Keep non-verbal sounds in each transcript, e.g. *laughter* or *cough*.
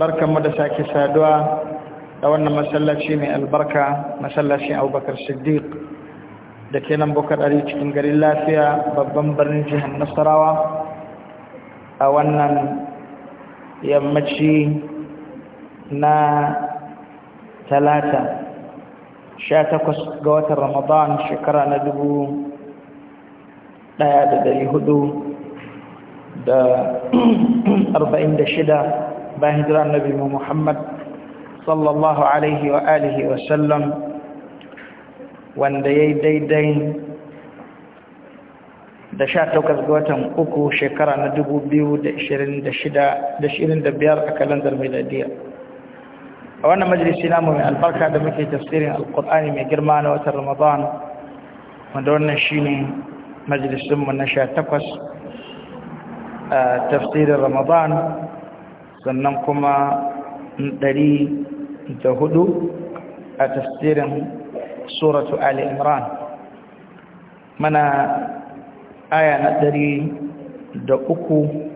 mu da sake saduwa da wannan masallaci mai albarka masallacin abubakar siddiq da ke nan ɗari cikin garin lafiya babban birnin jihar nasarawa a wannan yammaci na talata Sha takwas ga watan ramadan shekara na dubu ɗaya da hudu da ɗari *clears throat* da shida. bayan hijira annabi Muhammad sallallahu alaihi wa alihi wa sallam wanda yayi daidai da sha takwas ga watan uku shekara na dubu biyu da ishirin da biyar a kalandar miladiya a wannan majalisi namu mai albarka da muke tafsirin alkur'ani mai girma na watan ramadan wanda wannan shi ne na sha takwas a tafsirin ramadan sannan kuma ɗari da hudu a tafsirin suratu ali imran mana aya na ɗari da uku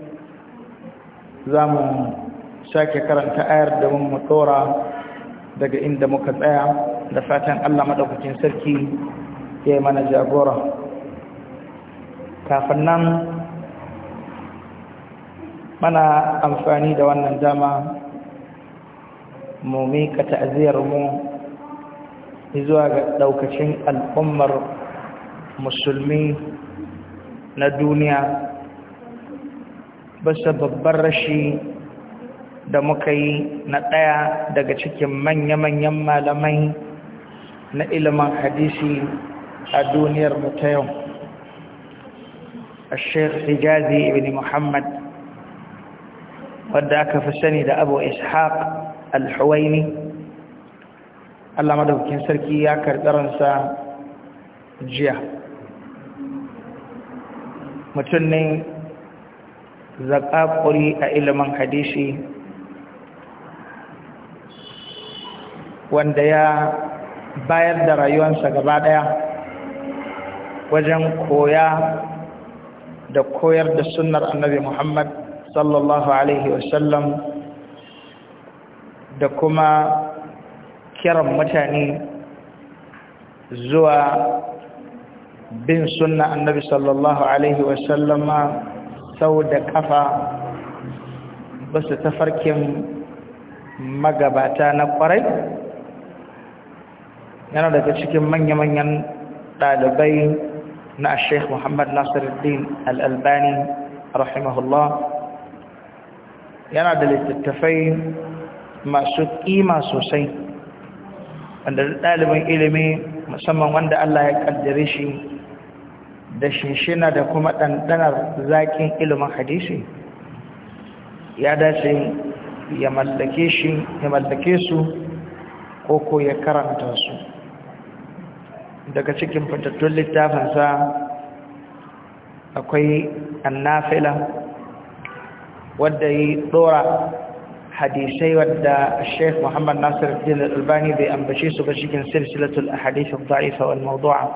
za mu sake karanta ayar da mun tsora daga inda muka tsaya da fatan allah maɗaukacin sarki ya yi mana jagora kafin nan mana amfani da wannan dama mu mika ta'aziyarmu zuwa ga daukacin al'ummar musulmi na duniya basa babbar rashi da muka yi na ɗaya daga cikin manya-manyan malamai na ilimin hadisi a duniyar mutayon ta yau الشيخ حجازي بن محمد wadda aka fi sani da abu ishaq al-huwaini allah madaukin sarki ya karɓaransa jiya mutum ne zaƙaƙuri a ilimin hadishi wanda ya bayar da rayuwarsa gaba ɗaya wajen koya da koyar da sunnar annabi muhammad sallallahu alaihi wasallam da kuma kiran mutane zuwa bin sunna annabi sallallahu alaihi wasallama sau da kafa basu tafarkin magabata na kwarai yana daga cikin manya-manyan ɗalibai na sheikh muhammad nasiruddin al'albani rahimahullah yana da littattafai masu ƙima sosai wanda ɗalibin ilimi musamman wanda Allah ya ƙaddare shi da shinshina da kuma ɗanɗanar zaƙin ilimin hadisi ya dace ya mallake su ko ko ya karanta su daga cikin fitattun littafinsa akwai annafila wadda ya dora hadisai wadda Sheikh Muhammad Nasir Din Albani bai ambace su ba cikin silsilatul ahadith ad-da'ifa wal mawdu'a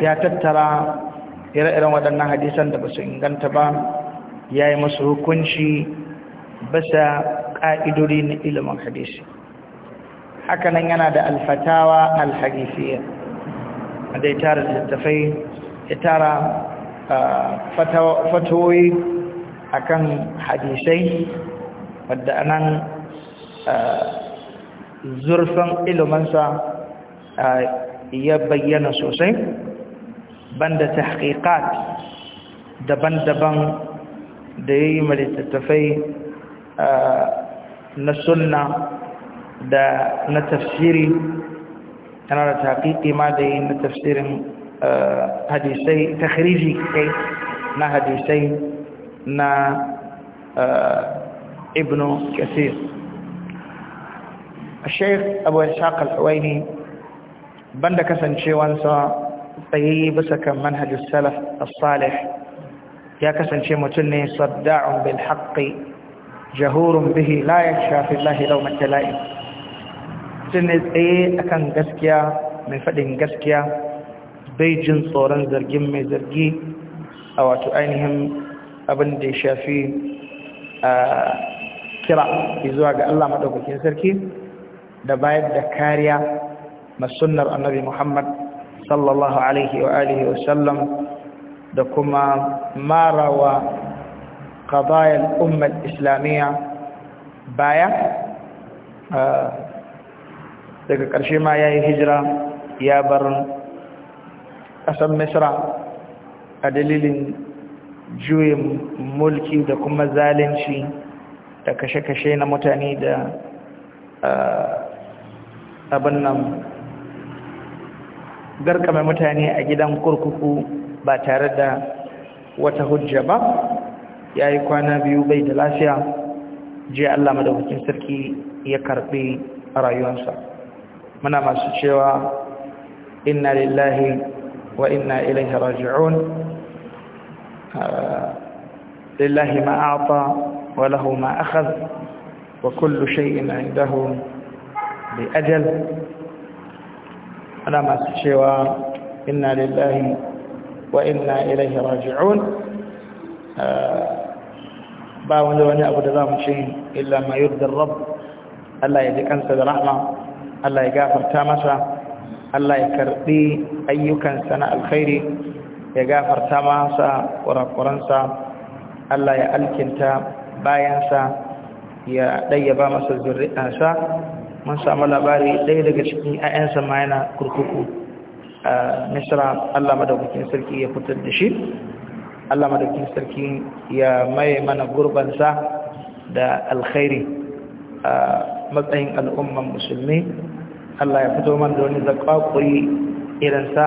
ya tattara ire-iren waɗannan hadisan da basu inganta ba yayi musu hukunci basa ka'idori na ilimin hadisi hakanan yana da alfatawa alhadisiyya da ya tara littattafai ya tara ah, fatawoyi akan hadisai wadda anan ah, zurfin ilimansa ah, ya bayyana sosai banda tahqiqat daban-daban da ya yi malittattafai ah, na sunna da na tafsiri yana da tahqiqi ma da yi na tafsirin hadisai takhriji kai na hadisai na آه، ابن كثير الشيخ ابو اسحاق الحويني بند كسن شيوان سا طيب منهج السلف الصالح يا كسن شي متني صداع بالحق جهور به لا يخشى في الله لو ما تلاقي تن اي اكن غسكيا من فدين غسكيا بيجن صورن زرجين مي زرجي او اتو اينهم abin da ya shafi kira zuwa ga Allah maɗaukakin sarki da bayar da kariya sunnar annabi Muhammad sallallahu alaihi wa alihi wa sallam da kuma marawa qadayal ummar islamiyya baya daga ƙarshe ma ya yi hijira ya bar ƙasar misra a dalilin juyin mulki da kuma zalunci da kashe-kashe na mutane da abin nan mai mutane a gidan kurkuku ba tare da wata hujja ba ya yi kwana biyu bai da lafiya jiya Allah madaukakin sarki ya karɓi rayuwarsa muna masu cewa inna lillahi wa inna ilaihi raji'un آه، لله ما أعطى وله ما أخذ وكل شيء عنده بأجل أنا ما سوى إنا لله وإنا إليه راجعون آه، أن لوني أبو دلام شيء إلا ما يرضي الرب الله يجيك أنسى الرحمة الله يغافر تامسة الله يكرد أيك سنة الخير ya gafarta masa kurakuransa Allah ya alkinta bayansa ya ɗayyaba masa zurri'ansa mun samu labari ɗaya daga cikin 'ya'yansa ma yana kurkuku a misra Allah madaukakin sarki ya fitar da shi Allah madaukakin sarki ya maye mana gurbansa da alkhairi a matsayin al'umman musulmi Allah ya fito mana da wani zaƙaƙuri irinsa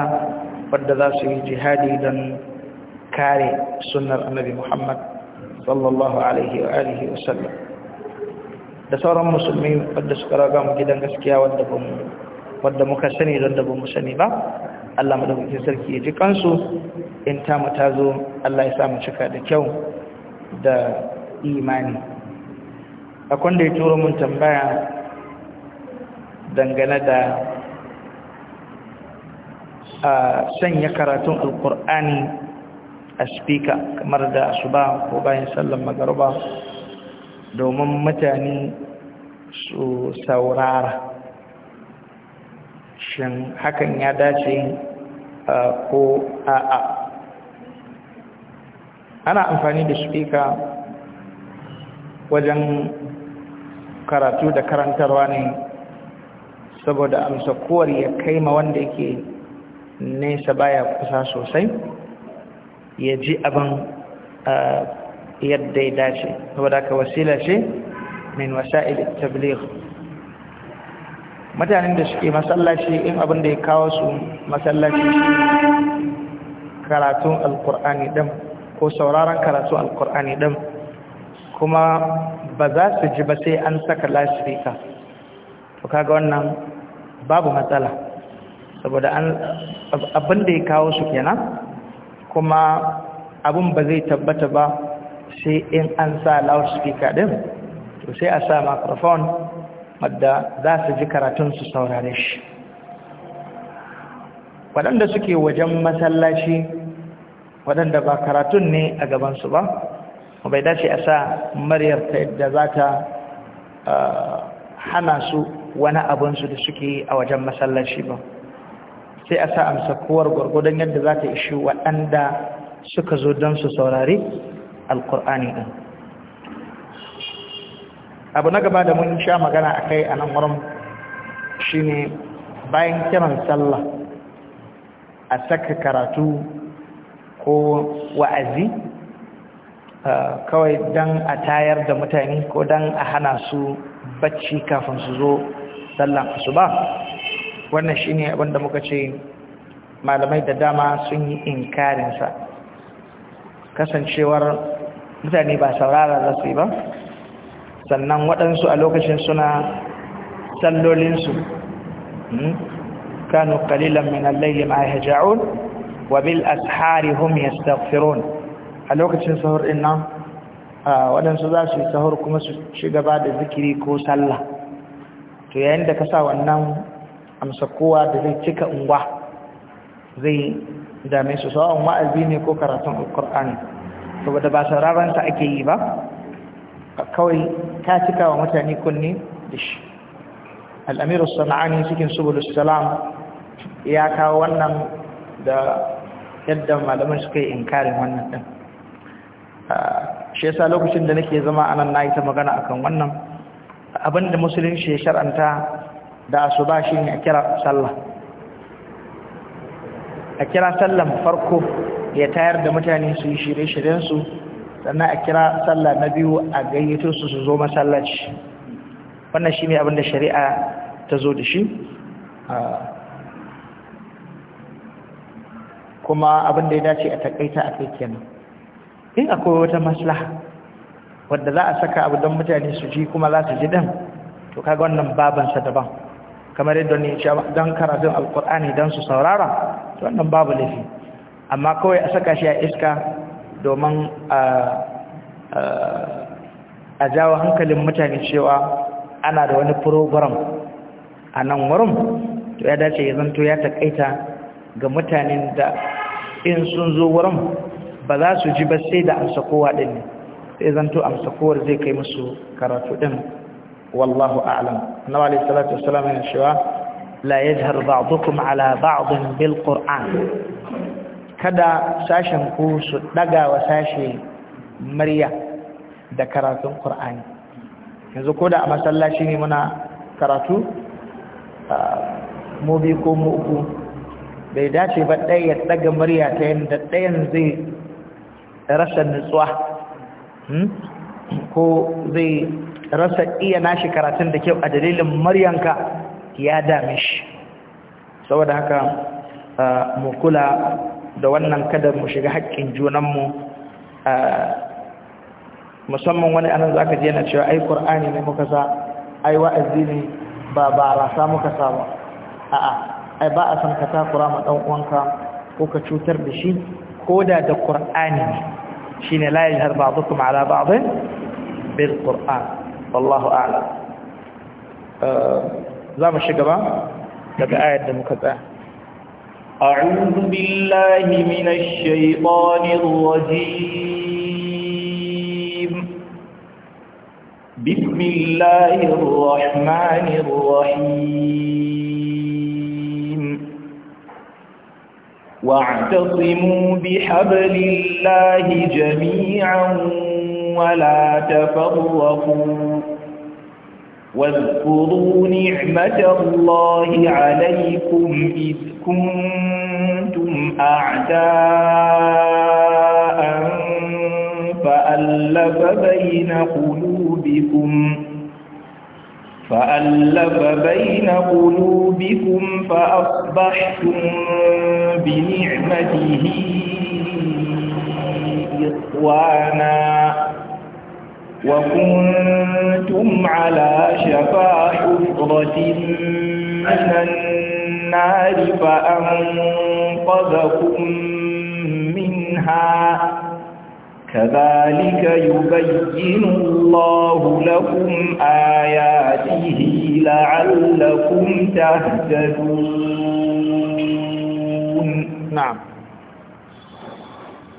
wadda za su yi jihadi don kare sunnar annabi Muhammad sallallahu alaihi wa alihi wa sallam da sauran musulmi wadda suka raga mu gidan gaskiya wadda muka sani don da ba mu sani ba Allah madaukakin sarki ya ji kansu in ta mu ta zo Allah ya samu cika da kyau da imani akwai da ya turo mun tambaya dangane da a sanya karatun alkur'ani a spika kamar da asuba ko bayan sallan magarba domin mutane su saurara shin hakan ya dace ko a'a ana amfani da spika wajen karatu da karantarwa ne saboda amsa kowar ya kai ma wanda yake nesa baya kusa sosai ya ji abin yadda ya dace saboda ka wasila ce min wasa'il tabligh mutanen da suke masallaci in abin da ya kawo su masallaci karatun alkur'ani din ko sauraron karatun alkur'ani din kuma ba za su ji ba sai an saka lasifika to kaga wannan babu matsala saboda abin da ya kawo su kenan kuma abin ba zai tabbata ba sai in an sa loudspeaker din to sai a sa microphone wadda za su ji karatun su saurare shi waɗanda suke wajen masallaci waɗanda ba karatun ne a gabansu ba bai dace a sa maryar ta yadda za ta eh, hana su wani abinsu da suke a wajen masallaci ba sai a sa amsa kowar gwargwadon yadda za ta ishi waɗanda suka zo don su saurari alkur'ani ɗin abu na gaba da mun sha magana a kai a nan wurin shi ne bayan kiran sallah a saka karatu ko wa'azi kawai don a tayar da mutane ko don a hana su bacci kafin su zo sallan asuba wannan shine abin da muka ce malamai da dama sun yi inkarinsa kasancewar mutane ba saurara za su ba sannan waɗansu a lokacin suna sallolinsu hmm? kanu kalilan min Laili, ma ya yahja'un wa bil ashari hum yastaghfirun a lokacin sahur din nan waɗansu za su yi sahur kuma su ci gaba da zikiri ko sallah to yayin da ka sa wannan amsa kowa da zai cika unguwa zai dame su sawa'un ma'albi ne ko karatun alkur'ani saboda ba sa ake yi ba kawai ta cika wa mutane kunne da shi al'amiru sana'ani cikin subulus salam ya kawo wannan da yadda malaman suka yi inkarin wannan ɗin shi yasa lokacin da nake zama anan na yi ta magana akan wannan abinda musulunci ya shar'anta da asuba shi ne a kira sallah a kira farko ya tayar da mutane su yi shirye-shiryensu sannan a kira sallah na biyu a gayyato su su zo masallaci wannan shi ne abinda shari'a ta zo da shi kuma abinda ya dace a takaita a kai kenan in akwai wata maslaha wadda za a saka abu don mutane su ji kuma za su ji dan? to kaga wannan babansa daban kamar yadda ne ba don karatun alkur'ani dan su saurara wannan babu laifi amma kawai a saka shi a iska domin a jawo hankalin mutane cewa ana da wani program a nan wurin to ya dace ya zanto ya takaita ga mutanen da in sun zo wurin ba za su ji ba sai da amsa kowa ɗin ne sai zanto amsa kowar zai kai musu karatu ɗin wallahu a'lam annabi alayhi salatu wassalam yana cewa la yajhar ba'dukum ala ba'din bil qur'an kada sashen ku su daga wa sashe murya da karatun kur'ani, yanzu ko da a masallaci muna karatu mu bi ko mu uku bai dace ba ɗaya ya daga murya ta yanda ɗayan zai rasa nutsuwa ko zai rasa iya nashi karatun da kyau a dalilin maryanka ya dame shi saboda haka mu kula da wannan kadar mu shiga haƙƙin junanmu musamman wani anan zaka je na cewa ai ƙur'ani ne muka sa ai wa'azi ne ba ba muka sa ba a'a ai ba a san ka takura ma dan uwanka ko ka cutar da shi ko da ƙur'ani ne shine la yahar ba'dukum ala ba'd bil ƙur'ani والله أعلم za mu shiga ba daga ayar أعوذ بالله من الشيطان الرجيم بسم الله الرحمن الرحيم واعتصموا بحبل الله جميعا ولا تفرقوا واذكروا نعمة الله عليكم إذ كنتم أعداء فألف بين قلوبكم فألف بين قلوبكم فأصبحتم بنعمته إخوانا وكنتم على شفا حفرة من النار فأنقذكم منها كذلك يبين الله لكم آياته لعلكم تهتدون نعم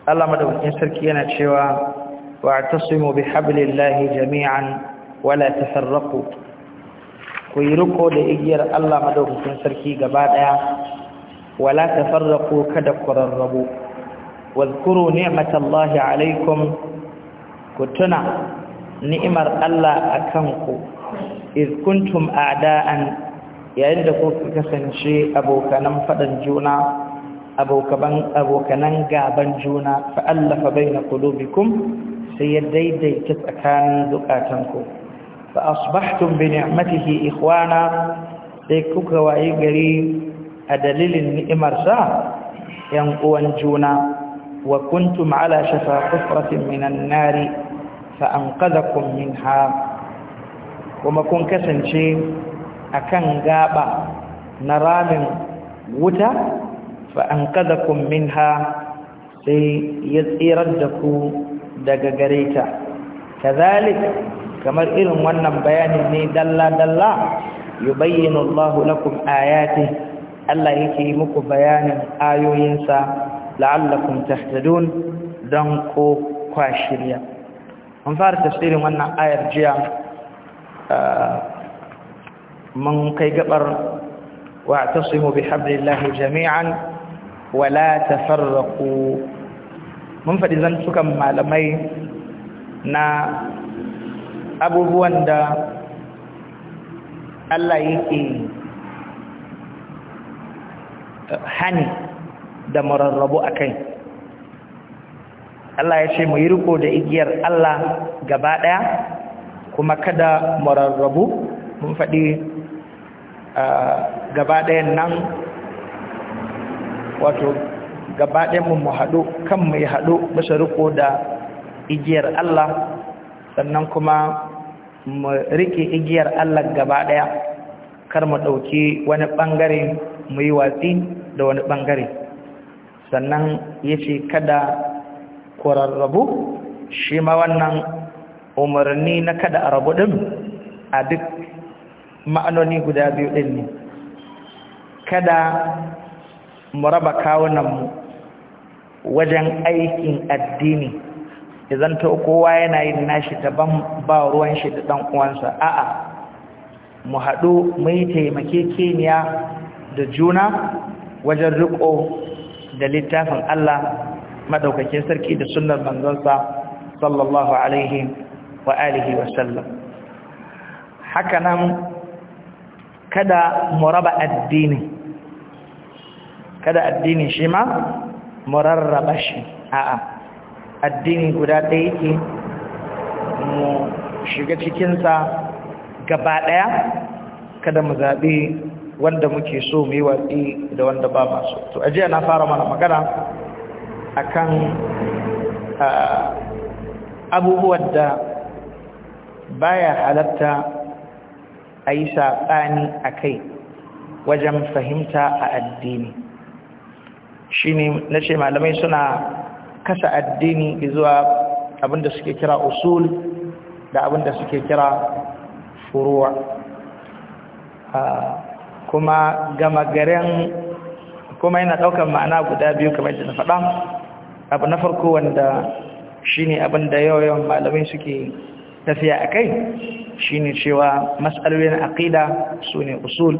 الله مدعو إن سركي أنا واعتصموا بحبل jami'an جميعا ولا تفرقوا ku yi riko da igiyar Allah madaukakin sarki gaba daya wala tafarraqu kada kurarrabu wadhkuru ni'matallahi alaikum tuna ni'imar Allah akan ku iz kuntum a'da'an yayin da kuka kasance abokanan fadan juna abokan abokanan gaban juna fa allafa baina qulubikum sai ya daidaita tsakanin zukatanku fa asbahtum bi ni'matihi ikhwana sai kuka waye gari a dalilin ni'imarsa yan uwan juna wa kuntum ala shafa hufratin minan nari fa anqadhakum minha kuma kun kasance akan gaba na ramin wuta fa anqadhakum minha sai ya tsirar da ku daga gare ta kazalik kamar irin wannan bayanin ne dalla dalla yubayyinu Allahu lakum ayati Allah yake muku bayanin ayoyinsa la'allakum tahtadun dan ko kwa shirya an fara tafsirin wannan ayar jiya mun kai gabar wa'tasimu bihablillahi jami'an wala tafarraqu mun faɗi zan zantukan malamai na abubuwan da Allah yake hani da murarrabu a kai Allah ya ce mu yi riko da igiyar Allah gaba ɗaya kuma kada murarrabu mun faɗi ah, gaba ɗayan nan wato gaba ɗayan mu haɗu kan mu haɗu bisa riko da igiyar Allah sannan kuma mu rike igiyar Allah gaba ɗaya kar mu ɗauki wani ɓangare mu yi watsi da wani ɓangare sannan ya ce kada kurarrabu shi ma wannan umarni na kada a rabu ɗin a duk ma'anoni guda biyu ɗin ne kada mu raba kawunanmu wajen aikin addini idan zanto kowa yana yin nashi daban ba ruwan shi da ɗan uwansa a'a mu haɗu mu yi keniya da juna wajen riko da littafin Allah madaukakin sarki da sunnar manzonsa sallallahu alaihi wa alihi wa sallam hakanan kada mu raba addini kada addini shi ma mu rarraba shi a'a addini guda ɗaya yake mu shiga cikinsa gaba ɗaya kada mu zaɓi wanda muke so mu yi watsi da wanda ba masu to ajiya na fara mana magana a kan abubuwan da baya halatta a yi saɓani a kai wajen fahimta a addini shine nace malamai suna kasa addini zuwa abinda suke kira usul da abinda suke kira furuwa ah, kuma gama garen, kuma yana daukar ma'ana guda biyu kamar da na faɗa abu na farko wanda shine abinda yawan malamai suke tafiya a kai shine cewa matsalolin aqida sune usul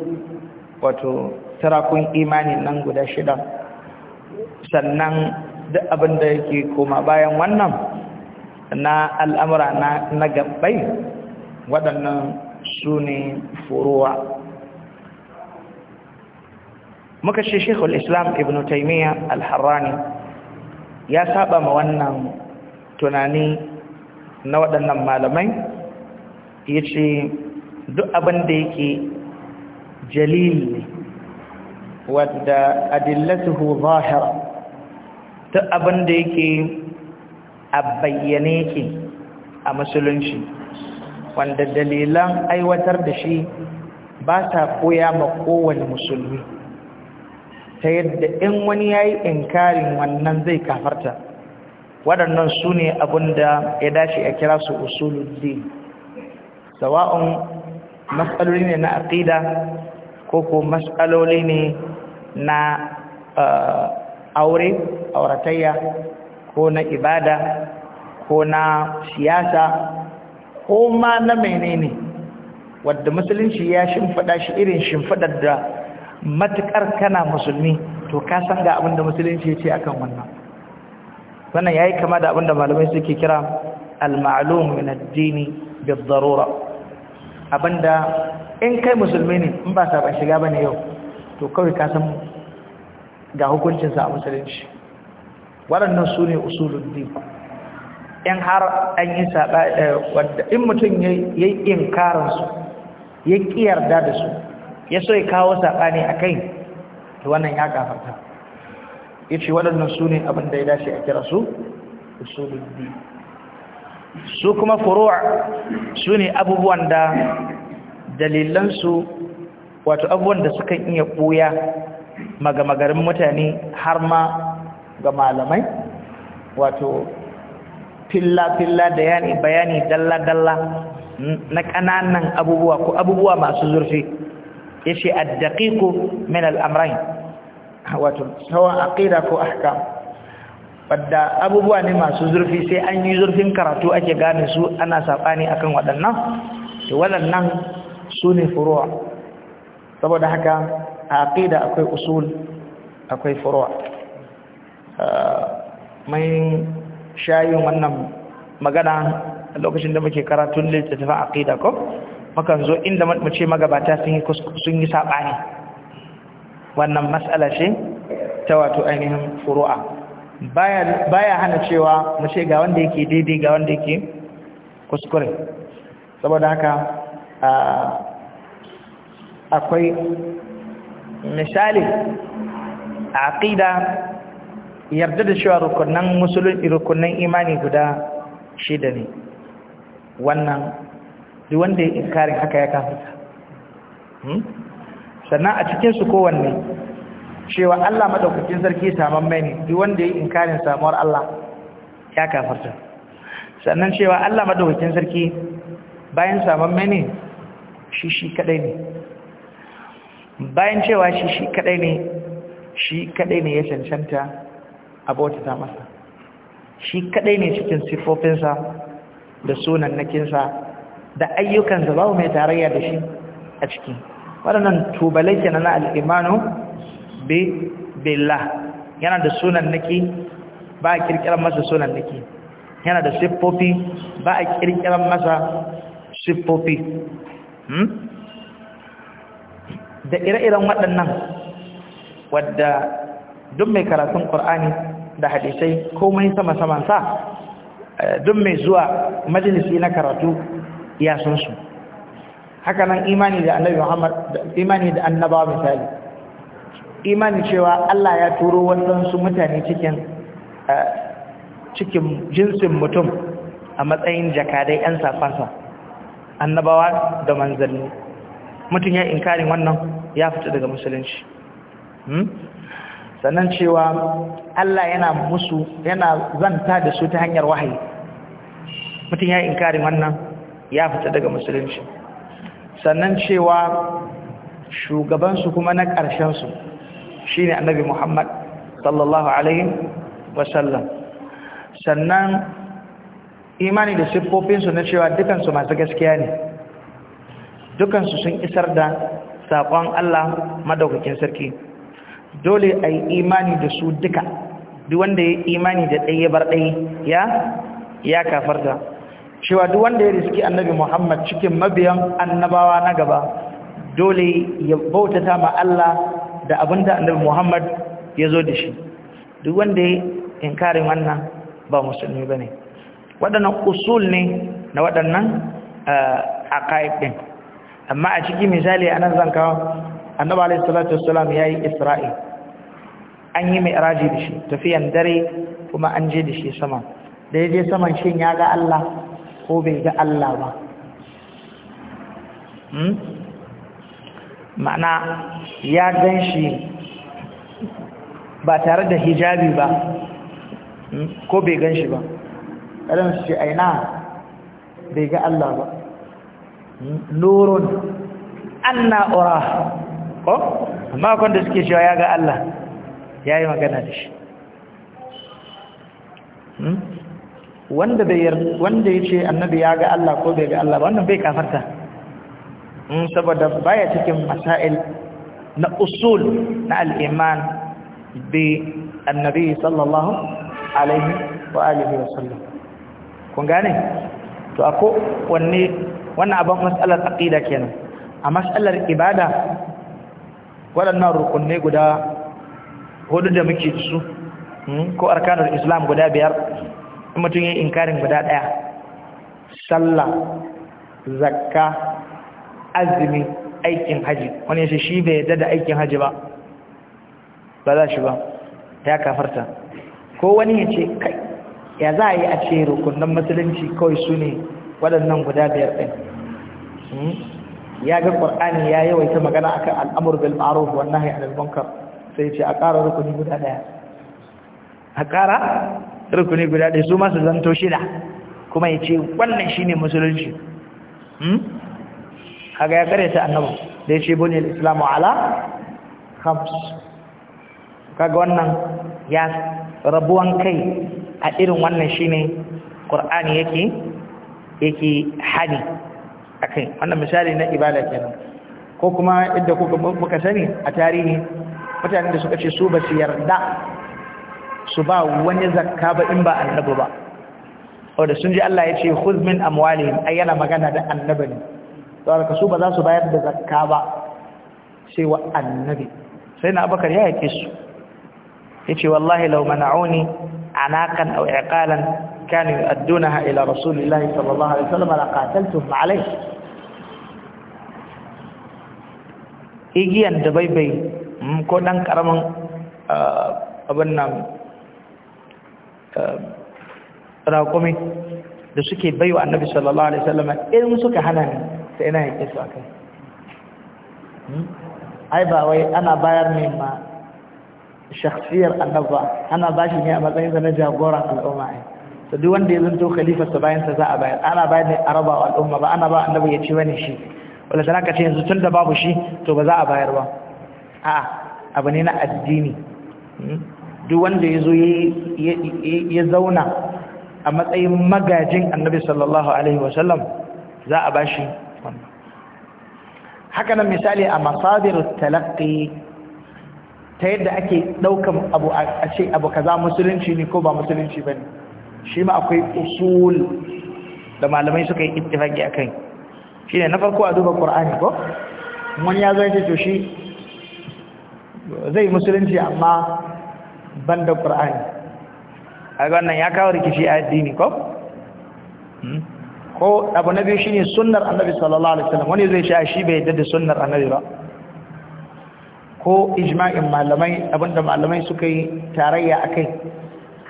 wato tarakun imani nan guda shida sannan duk abin da yake koma bayan wannan na al'amura na gabbai waɗannan su ne furuwa muka ce shekul islam ibn taimiyya al-harrani ya saba ma wannan tunani na waɗannan malamai ya ce duk abin da yake jalil ne wadda adillatuhu zahira Ta abin da yake a bayyane ki a musulunci wanda dalilan aiwatar da shi ba ta koya ma kowane musulmi ta yadda in wani ya yi inkarin wannan zai kafarta waɗannan su ne abin da ya dace a kira su usuluddin sawa'un matsaloli ne na aƙida ko ko matsaloli ne na eh, aure auratayya ko na ibada ko na siyasa ko ma na menene wadda musulunci ya shimfada shi irin shimfadar da matukar kana musulmi to ka san ga abinda musulunci ya ce akan wannan wannan yayi kama da abinda malamai suke kira al-ma'lum min ad-dini bid-darura abinda in kai musulmi ne in ba saban shiga bane yau to kawai ka san ga hukuncinsa a musulunci waɗannan su ne usulun din in har an yi saɓa eh, wadda in mutum ya yi inkaransu ya ƙi yarda da su ya so ya kawo saɓani a kai to wannan ya kafarta ya ce waɗannan su ne abin da ya dace a kira su usulun din su kuma furu'a su ne abubuwan da dalilansu wato abubuwan da sukan iya ɓuya magamagarin mutane har ma ga malamai wato filla-filla da yani bayani dalla-dalla mm, na ƙananan abubuwa ko abubuwa masu zurfi ya ce addaƙiƙo min al'amrain wato tsawon aƙira ko ahkam wadda abubuwa ne masu zurfi sai an yi zurfin karatu ake gane su ana saɓani akan waɗannan to waɗannan su ne furuwa saboda haka a aqida akwai usul akwai furu'a ah, mai shayin wannan magana lokacin da muke karatun littattafan aqida ko makan zo inda mace magabata sun yi sun yi sabani wannan mas'ala ce ta wato ainihin furu'a baya baya hana cewa mace ga wanda yake daidai ga wanda yake kuskure saboda haka ah, akwai misali a yarda da cewa rukunan musulun rukunan imani guda shida ne wannan duk wanda ya inkari haka ya kafa hmm? sannan a cikinsu kowanne cewa Allah madaukakin sarki saman mai ne duk wanda ya inkari samuwar Allah ya kafarta sannan cewa Allah madaukakin sarki bayan saman mai ne shi shi kadai ne bayan cewa shi shi kadai ne shi kadai ne ya cancanta a bautata masa shi kadai ne cikin siffofinsa da sunan nakinsa da ayyukan babu mai tarayya da shi a ciki waɗannan tubalai kenan na al'imanu bi bela yana da sunan naki ba a kirkirar masa sunan naki yana da siffofi ba a kirkirar masa siffofi hmm? da ire-iren waɗannan wadda duk mai karatun ƙur'ani da hadisai komai sama-saman sa eh, duk mai zuwa majalisi na karatu ya san su hakanan imani da annabi Muhammad imani da annaba misali imani cewa Allah ya turo waɗansu mutane cikin eh, cikin jinsin mutum a matsayin jakadai 'yan safansa annabawa da manzanni mutum ya inkarin wannan ya fita daga musulunci hmm? sannan cewa Allah yana musu yana zanta da su ta hanyar wahayi mutum ya inkarin wannan ya fita daga musulunci sannan cewa shugabansu kuma na ƙarshensu shi ne annabi Muhammad sallallahu Alaihi wasallam sannan imani da siffofinsu na cewa dukansu masu gaskiya ne dukansu sun isar da saƙon Allah madaukakin sarki dole a yi imani da su duka duk wanda ya imani da ɗaya bar ɗaya ya ya kafarta cewa duk wanda ya riski annabi Muhammad cikin mabiyan annabawa na gaba dole ya bautata ma Allah da abinda annabi Muhammad ya zo da shi duk wanda ya inkarin wannan ba musulmi ba ne waɗannan usul ne na waɗannan ƙa'ib eh, ɗin amma a ciki misali a nan zan kawo annaba alaihi salatu wassalam ya yi isra'i an yi mi'raji da shi tafiyan dare kuma an je da shi sama da ya je saman shin ya ga Allah ko bai ga Allah ba hmm? ma'ana ya gan shi ba tare da hijabi ba hmm, ko bai gan shi ba ƙaransu ce aina bai ga Allah ba nurun anna ura ko amma da suke cewa ya ga Allah ya yi magana da shi hmm? wanda bai wanda ce annabi ya ga Allah ko bai ga Allah ba, wannan bai kafarta hmm, saboda baya cikin masail na usul na al'iman bi annabi sallallahu alaihi wa alihi wasallam kun gane to ako wanne wannan abin masalar aqida kenan a masalar ibada waɗannan rukunne guda hudu da muke su hmm, ko arkanar islam guda biyar in mutum yi inkarin guda ɗaya sallah zakka azumi aikin haji wani yace shi bai yadda da aikin haji ba ba za shi ba ya kafarta ko wani ya ce kai ya za a yi a ce rukunan musulunci kawai su ne waɗannan guda biyar ɗin hmm? ya ga ƙwar'ani ya yawaita magana a kan al'amur bil ma'aruf wannan nahi albankar sai ce a ƙara rukuni guda ɗaya a ƙara rukuni guda ɗaya su masu zanto shida kuma ya ce wannan shi ne musulunci hmm? kaga ya ƙare ta annabu da ya ce bune islamu ala hamsu kaga wannan ya rabuwan kai a irin wannan shine qur'ani yake yake hani akai wannan misali na ibada kenan ko kuma inda kuka muka sani a tarihi mutanen da suka ce su basu yarda su ba wani zakka ba in ba annabi ba wanda sun ji Allah ya ce khudh min amwalihim ai yana magana da annabi ne saboda su ba za su bayar da zakka ba sai wa annabi sai na abakar ya yake su yace wallahi law mana'uni عناقا أو عقالا كانوا يؤدونها إلى رسول الله صلى الله عليه وسلم لقاتلتهم عليه igiyan da bai ko dan karamin abin nan raƙumi da suke baiwa annabi sallallahu alaihi wasallam irin suka hana ni sai ina yake su akai ai ba wai ana bayar min ma shakhsiyar annabba ana bashi ne a matsayin na jagoran al'umma ne to duk wanda ya zanto khalifa sa bayan sa za a bayar ana bayar ne a raba al'umma ba ana ba annabi ya ci wani shi wala dan ka ce yanzu tunda babu shi to ba za a bayar ba a abu ne na addini hmm? duk wanda ya zo ya zauna a matsayin magajin annabi sallallahu alaihi wasallam za a bashi wannan haka nan misali a masadir talaqqi ta yadda ake ɗaukan abu a ce abu kaza musulunci ne ko ba musulunci ba ne shi ma akwai usul da malamai suka yi ittifaki a kai shi ne na farko a duba ƙur'ani ko wani ya ya ce to shi zai musulunci amma ban da ƙur'ani a wannan ya kawo rikici a addini ko hmm? ko abu na biyu shi ne sunar annabi sallallahu alaihi wasallam wani zai sha shi bai yadda da sunar annabi ba ko ijma'in malamai abinda malamai suka yi tarayya akai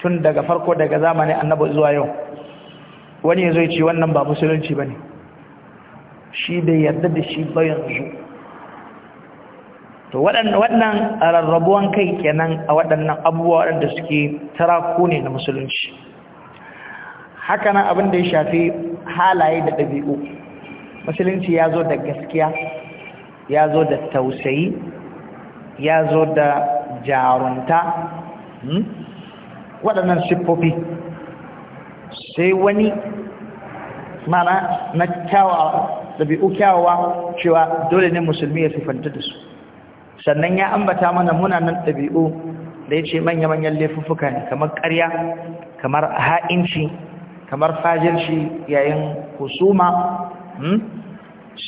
tun daga farko daga zamanin annabi zuwa yau wani yazo ce wannan ba musulunci bane shi da yarda da shi ba yanzu to waɗannan rarrabuwan kai kenan a waɗannan abubuwa waɗanda suke taraku ne na musulunci haka nan abin da ya shafi halaye da ɗabi'u musulunci ya zo da gaskiya ya zo da tausayi ya zo da jarunta hmm? waɗannan siffofi sai wani mana na kyawawa ɗabi'u kyawawa cewa dole ne musulmi ya siffanta da su sannan ya ambata mana munanan ɗabi'u da ya ce manya-manyan laifuffuka ne kamar ƙarya kamar ha'inci kamar fajirci yayin husuma hmm?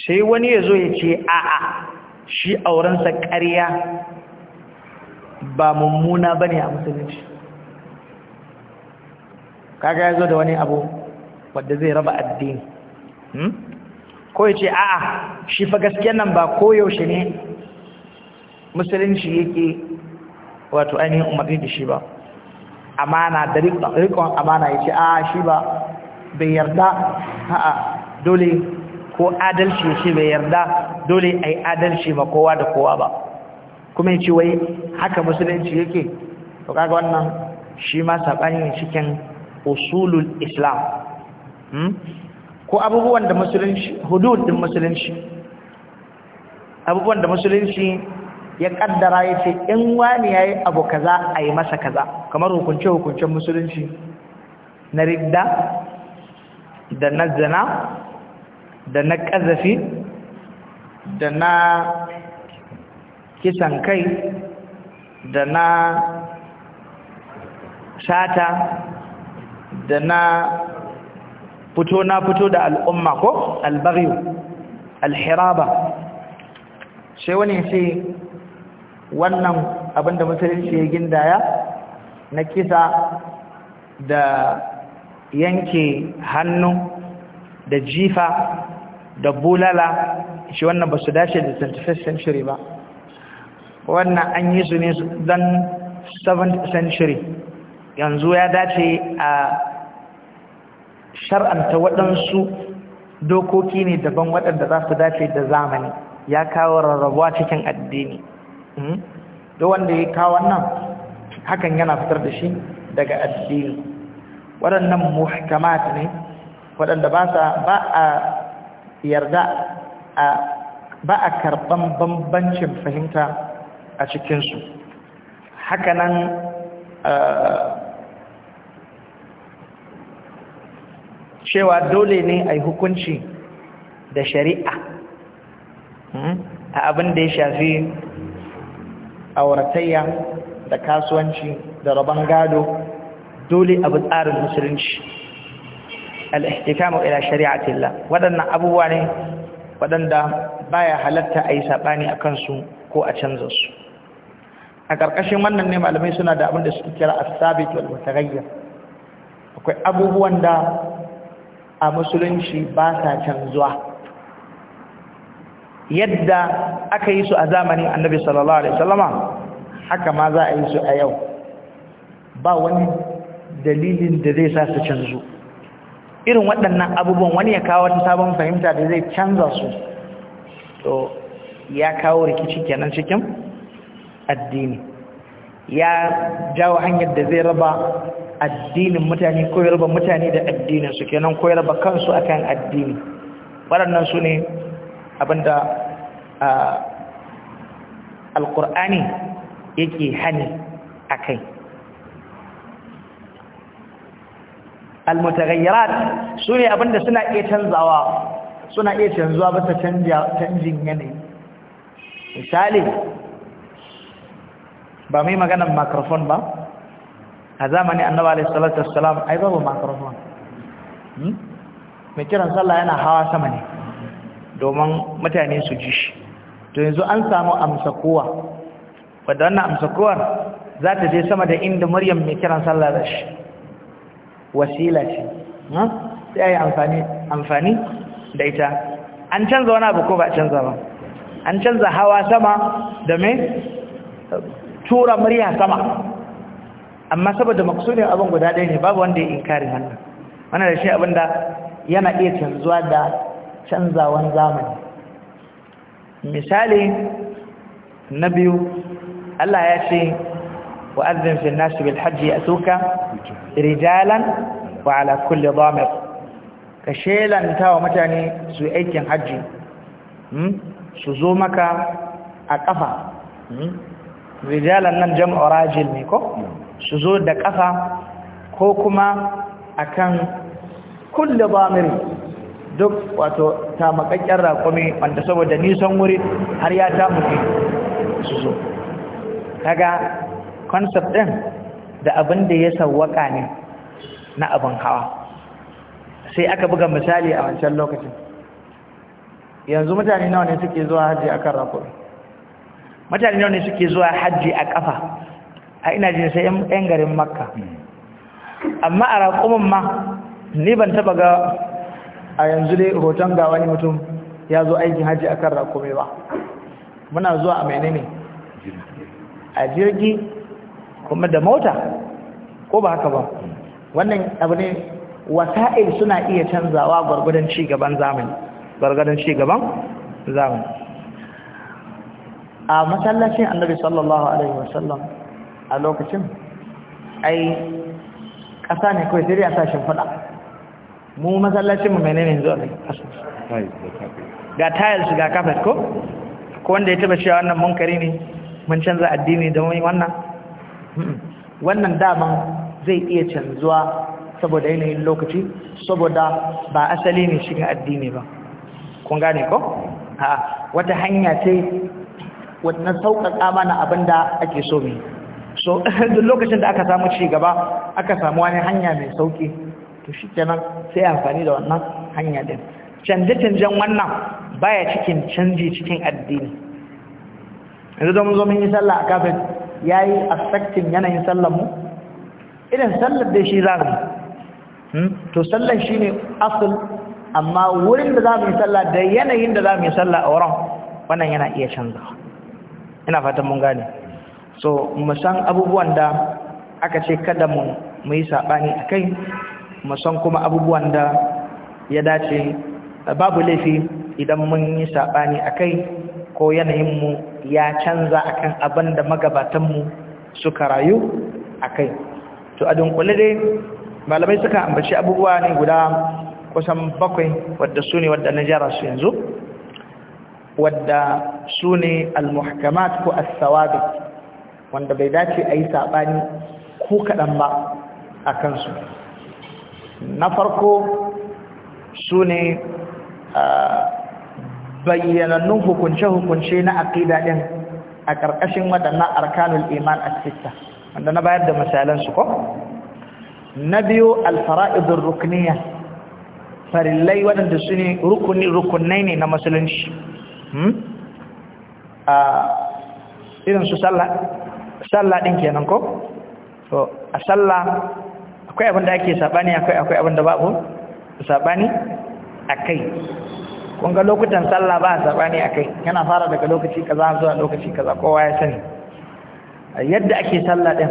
sai wani ya zo ya ce a'a shi aurensa ƙarya ba mummuna bane a musulunci kaga yazo da wani abu wanda zai raba addini hmm? ko yace a'a shi fa gaskiyar nan ba koyaushe ne musulunci yake wato ainihin umarni da shi ba amana da rikon amana yace a shi ba bai yarda a'a dole ko adalci yace bai yarda dole ai adalci ba kowa da kowa ba kuma yace wai haka musulunci yake to kaga wannan shi ma sabani ne cikin usulul islam hmm? ko abubuwan da musulunci hudud din musulunci abubuwan da musulunci ya kaddara yace ce in wani ya abu kaza a yi masa kaza kamar hukunce-hukuncen musulunci na rigda da na zina da na ƙazafi da na kisan kai da na shata da na fito na fito da al'umma ko albaryu, alhiraba sai wani ce wannan abinda musulunci ya gindaya na kisa da yanke hannu da jifa da bulala shi wannan ba su dace da 21st century ba wannan an yi su ne don 7th century yanzu ya dace a shar'anta waɗansu dokoki ne daban waɗanda za su dace da zamani ya kawo rarrabuwa cikin addini hmm? da wanda ya kawo wannan hakan yana fitar da shi daga addini waɗannan muhkamat ne waɗanda ba a yarda ba a karɓan bambancin fahimta a cikinsu hakanan eh, cewa dole ne a yi hukunci da shari'a hmm, a abin da ya shafi auratayya da kasuwanci da rabon gado dole abu tsarin musulunci al'ihtikamu ila shari'atillah waɗannan abubuwa ne waɗanda baya halatta a yi saɓani a kansu ko a canza su a ƙarƙashin wannan ne malamai suna da abin da suke kira a sabit wal akwai abubuwan da a musulunci ba sa canzuwa yadda aka yi su a zamanin annabi sallallahu alaihi wasallama haka ma za a yi su a yau ba wani dalilin da zai sa su canzu irin waɗannan abubuwan wani ya kawo wata sabon fahimta da zai canza su to ya kawo rikici kenan cikin addini ya jawo hanyar da zai raba addinin mutane ko ya raba mutane da addinin su kenan ko ya raba kansu akan addini waɗannan su ne abinda alƙur'ani yake hani a kai almutaghayyirat su ne abinda suna iya canzawa suna iya canzuwa bisa canjin yanayi misali ba mai magana microphone ba a zamanin annabi alaihi salatu wassalam ai babu microphone hmm? mai kiran sallah yana hawa sama ne domin mutane su ji shi to yanzu an samu amsakowa wadda wannan amsakowar za ta je sama da inda muryam mai kiran sallah da shi wasila ce hmm? sai a yi amfani da ita an canza wani abu ko ba canza ba an canza hawa sama da mai tura murya sama amma saboda maksudin abin guda ɗaya ne babu wanda ya kare hannun wannan da shi abin da yana iya canzuwa da canzawan zamani misali na biyu Allah ya ce wa azin fi nasu bil hajji a tuka rijalan wa ala kulli ka shelanta wa mutane su aikin hajji hmm? su zo maka a kafa hmm? rijalan nan jam'u rajul ne ko su zo da ƙafa ko kuma akan kulle bamiri duk wato ta makakken raƙumi, wanda saboda nisan wuri har ya ta muke su zo kaga concept din da abin da ya sawwaka ne na abin hawa sai aka buga misali a wancan lokacin yanzu mutane nawa ne suke zuwa hajji akan raƙumi mutane nawa ne suke zuwa hajji a kafa a ina jin sai yan garin makka hmm. amma a raƙumin ma ni ban taba ga a yanzu dai hoton ga wani mutum ya zo aikin hajji akan raƙumi ba muna zuwa a menene a jirgi kuma da mota ko ba haka ba hmm. wannan abu ne wasa'il suna iya canzawa gwargwadon cigaban gwargwadon ci zamani a masallacin annabi sallallahu alaihi wasallam a lokacin ai ƙasa ne kawai sai dai a sashin fada mu masallacin mu menene zuwa ne ga tiles ga carpet ko ko wanda ya taba cewa wannan munkari ne mun canza addini da wannan wannan daman zai iya canzuwa saboda yanayin lokaci saboda ba asali ne shiga addini ba kun gane ko a wata hanya ce wannan sauƙaƙa mana abin da ake so mu so *laughs* duk lokacin da aka samu ci gaba aka samu wani hanya mai sauƙi to shikenan sai amfani da wannan hanya din canje-canjen wannan baya cikin canji cikin addini yanzu mun zo mun yi sallah a kafin yayi affecting yanayin sallar mu irin sallar da shi za mu hmm? to sallar ne asl amma wurin da za mu yi sallah da yanayin da za mu yi sallah a wurin wannan yana iya canzawa ina fatan mun gane so mu san abubuwan da aka ce kada mu mu yi sabani akai mu san kuma abubuwan da ya dace babu laifi idan mun yi sabani akai ko yanayin mu ya canza akan abin da magabatan mu suka rayu akai to a dunkule dai malamai suka ambaci abubuwa ne guda kusan bakwai wadda su ne wadda na jara su yanzu wadda su ne almuhkamat ko asawabi wanda bai dace a yi saɓani ko kaɗan ba a kansu na farko su ne bayyanannun hukunce-hukunce na aƙida ɗin a ƙarƙashin waɗannan arkanul iman a sita wanda na bayar da misalansu ko na biyu alfara'idun rukniya farillai waɗanda su ne rukunai ne na musulunci Hmm? a ah, irin su sallah ɗin kenan ko? to a sallah akwai abin da ake saɓani akwai akwai abin da babu saɓani a kai ga lokutan sallah ba a saɓani a kai yana fara daga lokaci kaza zuwa lokaci kaza kowa ya sani yadda ake sallah ɗin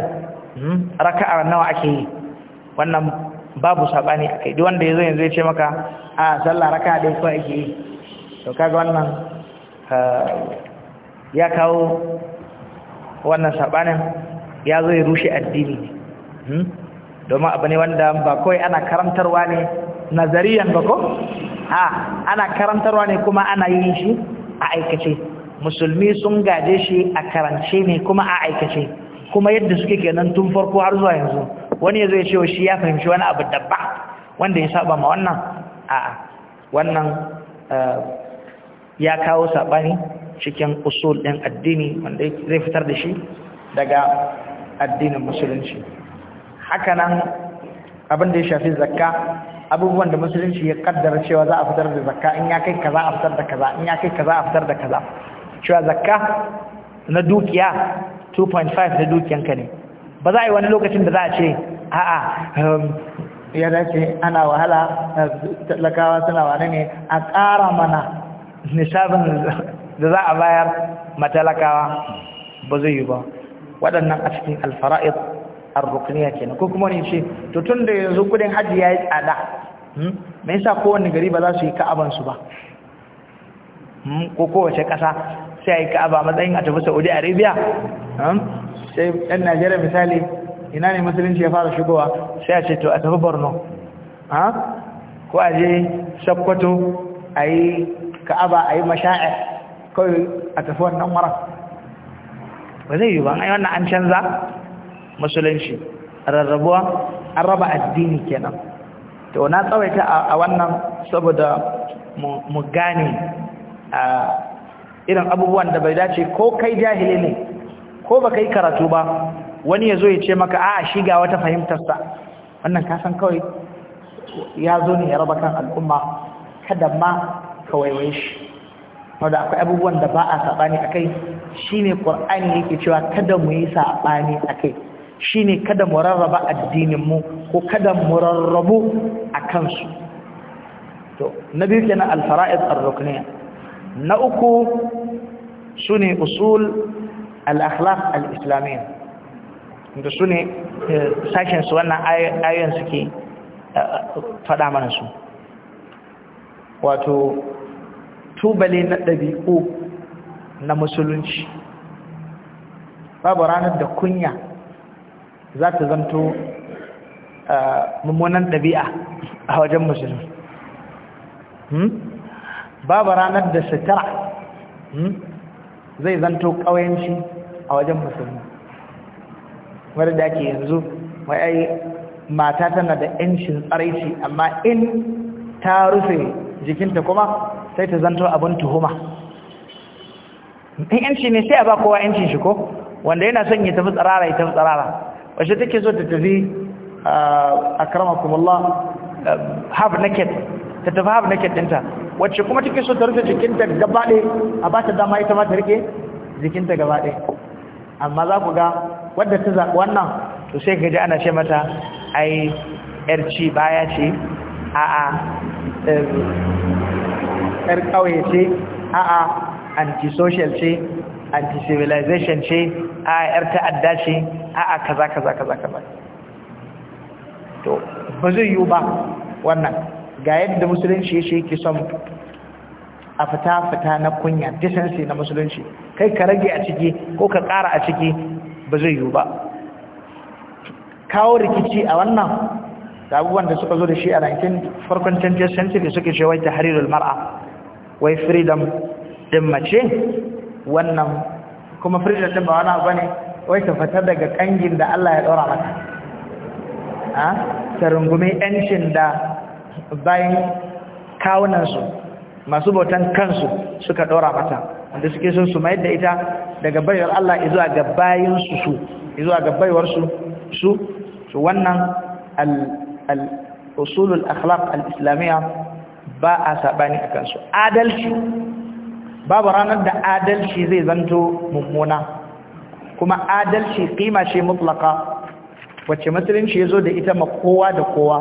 hmm, raka'a nawa ake yi wannan babu sabani akai duk wanda yazo yanzu ya ce maka a ah, sallah raka'a ɗin ko ake yi to kaga wannan ya kawo wannan sabanin ya zo ya rushe addini hmm? domin abu ne wanda ba kawai ana karantarwa ne nazariyan ba ko ha ana karantarwa ne kuma ana yi shi a aikace musulmi sun gaje shi a karance ne kuma a aikace kuma yadda suke kenan tun farko har zuwa yanzu wani ya zai cewa shi ya fahimci wani abu dabba wanda ya saba ma wannan a wannan eh, ya kawo saɓani cikin usul ɗin addini wanda zai fitar da shi daga addinin musulunci Haka nan, abin da ya shafi zakka abubuwan da musulunci ya kaddara cewa za a fitar da zakka in ya kai kaza a fitar da kaza in ya kai kaza a fitar da kaza cewa zakka na dukiya 2.5 na dukiyanka ne ba za a yi wani lokacin da za a ce a'a um, ya dace ana wahala talakawa suna wane ne a ƙara mana nisabin da za a bayar matalakawa ba zai yi ba waɗannan a cikin alfara'id arrukniya kenan ko kuma ne ce to tun da yanzu kudin hajji ya yi tsada hmm, me yasa kowane gari ba za su yi ka'abansu ba hmm, ko kowace ƙasa sai a yi ka'aba matsayin a tafi saudi arabia hmm, sai ɗan najeriya misali ina ne musulunci ya fara shigowa sai a ce to a tafi borno ko a je sakkwato a yi ka'aba a yi masha'ir kawai a tafi wannan waran ba zai yi ba ai wannan an canza musulunci rarrabuwa an raba addini kenan to na tsawaita a wannan saboda mu gane irin abubuwan da bai dace ko kai jahili ne ko ba kai karatu ba wani ya zo ya ce maka a shi ga wata fahimtarsa wannan kasan kawai ya zo ne ya raba kan al'umma kada ma ka wai shi wanda akwai abubuwan da ba a saɓani a kai shi ne ƙwar'ani yake cewa kada mu yi saɓani a kai shi ne kada mu rarraba addininmu ko kada mu rarrabu a kansu to na biyu kenan alfara'id ar-rukniya na uku su ne usul al-akhlaq al-islamiyya da su ne eh, sashen su wannan ayoyin suke eh, faɗa mana su wato tubale na ɗabi'u na musulunci babu ranar da kunya za ta zanto mummunan ɗabi'a a wajen musulun hmm? babu ranar da sutura hmm, zai zanto ƙawayenci a wajen musulun wadda da ke yanzu mai ai mata tana da 'yancin tsaraici amma in ta rufe jikinta kuma sai ta zanto abin tuhuma in yanci ne sai a ba kowa yancin shi ko wanda yana son ya tafi tsarara ya tafi tsirara wace take so ta tafi a ah, karamakumullah ah, half naked ta tafi half naked dinta wacce kuma take so ta rufe jikinta gabaɗe a ba ta dama ita ma ta rike jikinta gabaɗe amma za ku ga wadda ta zaɓi wannan to sai gaji ana ce mata ai yarci baya ce a'a eh, ƴar ƙauye ce a'a anti-social ce anti-civilization ce a'a ƴar ta'adda ce a'a kaza kaza kaza kaza to ba zai yiwu ba wannan ga yadda musulunci shi ke son a fita-fita na kunya disansi na musulunci kai ka rage a ciki ko ka ƙara a ciki ba zai yiwu ba kawo rikici a wannan da abubuwan da suka zo da shi a 19 farkon 20th century suke cewa ta harirul mar'a wai freedom din mace wannan kuma freedom din ba wani bane ne wai ta fita daga kangin da Allah ya ɗora maka a ta rungume yancin da bayan kawunan su masu bautan kansu suka ɗora mata wanda suke son su mayar da ita daga bayar Allah izuwa ga bayin su izuwa ga baiwarsu su su wannan al usulul akhlaq al islamiyya ba a saɓani a kansu adalci babu ranar da adalci zai zanto mummuna kuma adalci kima ce mutlaka wacce musulunci ya zo da ita ma kowa da kowa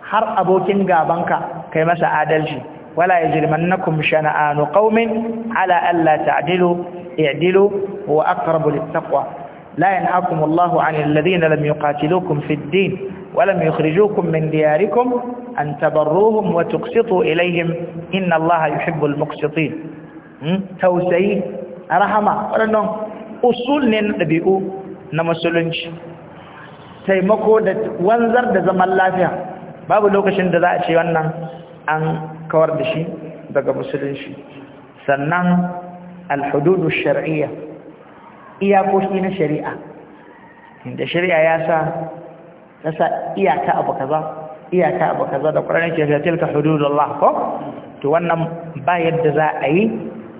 har abokin gabanka kai masa adalci wala yajrimannakum shana'anu qaumin ala alla ta'dilu i'dilu huwa aqrabu lit-taqwa لا ينهاكم الله عن الذين لم يقاتلوكم في الدين ولم يخرجوكم من دياركم أن تبروهم وتقسطوا إليهم إن الله يحب المقسطين توسعي رحمة ولنهم أصول نبيئو نمسلنش taimako da wanzar da zaman lafiya babu lokacin da za a ce wannan an kawar da shi daga musulunci sannan alhududu shar'iyya iyakoki na shari'a inda shari'a ya sa na sa iyaka abu kaza iyaka abu kaza da ƙwararren ke zai tilka hududullah ko to wannan ba yadda za a yi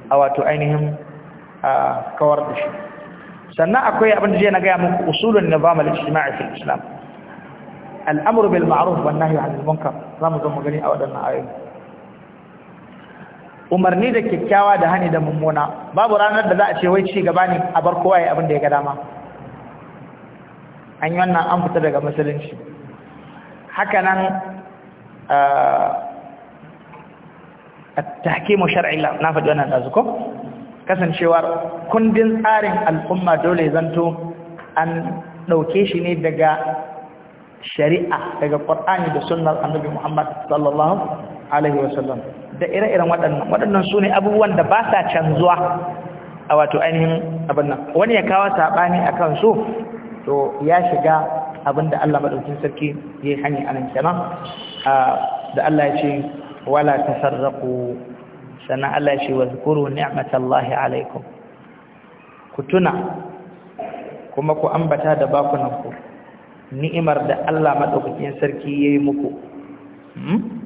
a wato ainihin kawar da shi sannan akwai abin da zai na gaya muku usulun nizam al-ijtima'i fil islam al'amru bil ma'ruf wan nahyi 'anil munkar zamu zo mu gani a wadannan ayoyi umarni da kyakkyawa da hani da mummuna babu ranar da za a ce wai ci gaba ne a bar kowa ya abin da ya ga dama an yi wannan an fita daga musulunci hakanan eh, tahkimu shar'ila na faɗi wannan ɗazu ko kasancewar kundin tsarin al'umma dole zanto an ɗauke shi ne daga shari'a daga ƙwar'ani da sunnar annabi Muhammad sallallahu alaihi wasallam da ire-iren waɗannan waɗannan su ne abubuwan da ba sa canzuwa a wato ainihin abin nan wani ya kawo saɓani a kan su to ya shiga abin da Allah maɗaukin sarki ya yi hanyar anan kenan da Allah ya ce wala ta sarraku sannan Allah ya ce wa zukuru ni'matallahi alaikum ku tuna kuma ku ambata da bakunanku ni'imar da Allah maɗaukin sarki ya yi muku hmm?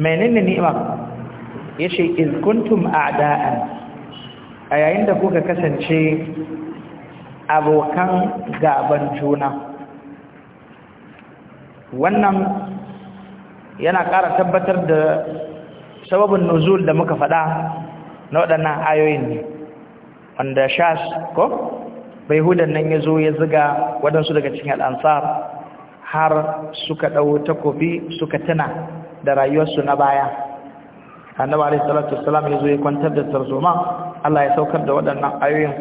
menene ni'ima yace iz kuntum a'da'an a yayin da kuka kasance abokan gaban juna wannan yana ƙara tabbatar da sababin nuzul da muka faɗa na waɗannan ayoyin ne wanda shas ko bai hudan nan ya zo ya ziga waɗansu daga cikin al'ansar har suka ɗau takobi suka tuna. da rayuwarsu na baya annabi alaihi salatu wassalam yazo ya kwantar da tarzoma Allah ya saukar da waɗannan ayoyin